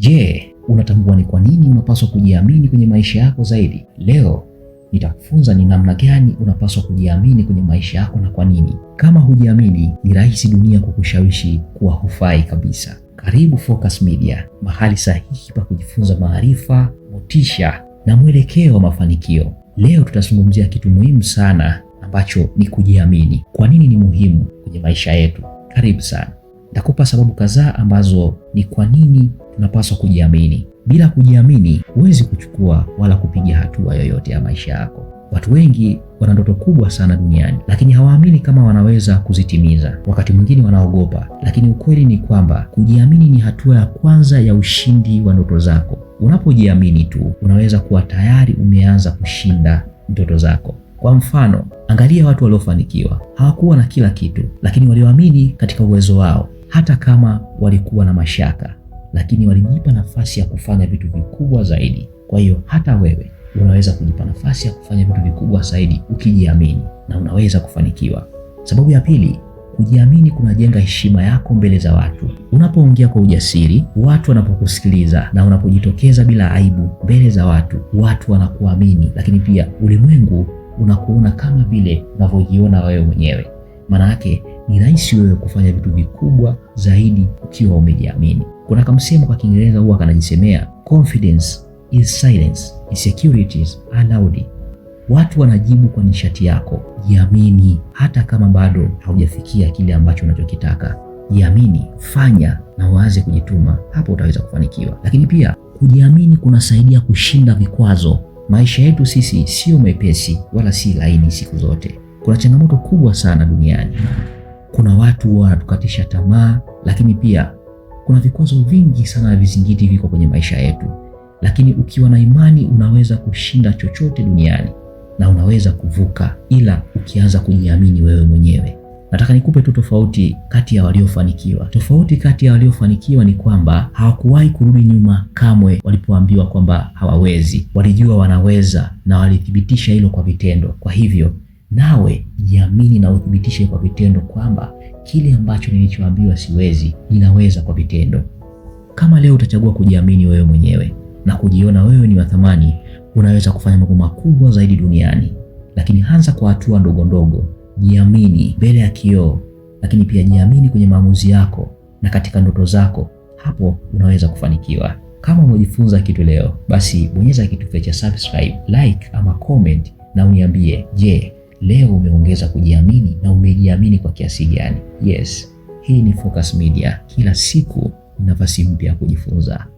Je, unatambua ni kwa nini unapaswa kujiamini kwenye maisha yako zaidi? Leo nitakufunza ni namna gani unapaswa kujiamini kwenye maisha yako na kwa nini. Kama hujiamini, ni rahisi dunia kukushawishi kuwa hufai kabisa. Karibu Focus Media, mahali sahihi pa kujifunza maarifa, motisha na mwelekeo wa mafanikio. Leo tutazungumzia kitu muhimu sana ambacho ni kujiamini. Kwa nini ni muhimu kwenye maisha yetu? Karibu sana. Nitakupa sababu kadhaa ambazo ni kwa nini tunapaswa kujiamini. Bila kujiamini, huwezi kuchukua wala kupiga hatua yoyote ya maisha yako. Watu wengi wana ndoto kubwa sana duniani, lakini hawaamini kama wanaweza kuzitimiza. Wakati mwingine wanaogopa, lakini ukweli ni kwamba kujiamini ni hatua ya kwanza ya ushindi wa ndoto zako. Unapojiamini tu, unaweza kuwa tayari umeanza kushinda ndoto zako. Kwa mfano, angalia watu waliofanikiwa. Hawakuwa na kila kitu, lakini walioamini katika uwezo wao hata kama walikuwa na mashaka, lakini walijipa nafasi ya kufanya vitu vikubwa zaidi. Kwa hiyo hata wewe unaweza kujipa nafasi ya kufanya vitu vikubwa zaidi ukijiamini, na unaweza kufanikiwa. Sababu ya pili, kujiamini kunajenga heshima yako mbele za watu. Unapoongea kwa ujasiri, watu wanapokusikiliza na unapojitokeza bila aibu mbele za watu, watu wanakuamini, lakini pia ulimwengu unakuona kama vile unavyojiona wewe mwenyewe. Maana yake ni rahisi wewe kufanya vitu vikubwa zaidi ukiwa umejiamini. Kuna kamsemo kwa Kiingereza huwa kanajisemea confidence is silence, insecurities are loud. Watu wanajibu kwa nishati yako. Jiamini hata kama bado haujafikia kile ambacho unachokitaka. Jiamini, fanya na uanze kujituma, hapo utaweza kufanikiwa. Lakini pia kujiamini kunasaidia kushinda vikwazo. Maisha yetu sisi sio mepesi wala si laini siku zote kuna changamoto kubwa sana duniani. Kuna watu wanatukatisha tamaa, lakini pia kuna vikwazo vingi sana na vizingiti viko kwenye maisha yetu, lakini ukiwa na imani unaweza kushinda chochote duniani na unaweza kuvuka, ila ukianza kujiamini wewe mwenyewe. Nataka nikupe tu tofauti kati ya waliofanikiwa. Tofauti kati ya waliofanikiwa ni kwamba hawakuwahi kurudi nyuma kamwe. Walipoambiwa kwamba hawawezi, walijua wanaweza na walithibitisha hilo kwa vitendo. Kwa hivyo Nawe jiamini na uthibitishe kwa vitendo kwamba kile ambacho nilichoambiwa siwezi, ninaweza kwa vitendo. Kama leo utachagua kujiamini wewe mwenyewe na kujiona wewe ni wa thamani, unaweza kufanya mambo makubwa zaidi duniani. Lakini anza kwa hatua ndogo ndogo. Jiamini mbele ya kioo, lakini pia jiamini kwenye maamuzi yako na katika ndoto zako. Hapo unaweza kufanikiwa. Kama umejifunza kitu leo, basi bonyeza kitufe cha subscribe, like ama comment na uniambie je, leo umeongeza kujiamini na umejiamini kwa kiasi gani? Yes, hii ni Focus Media, kila siku nafasi mpya ya kujifunza.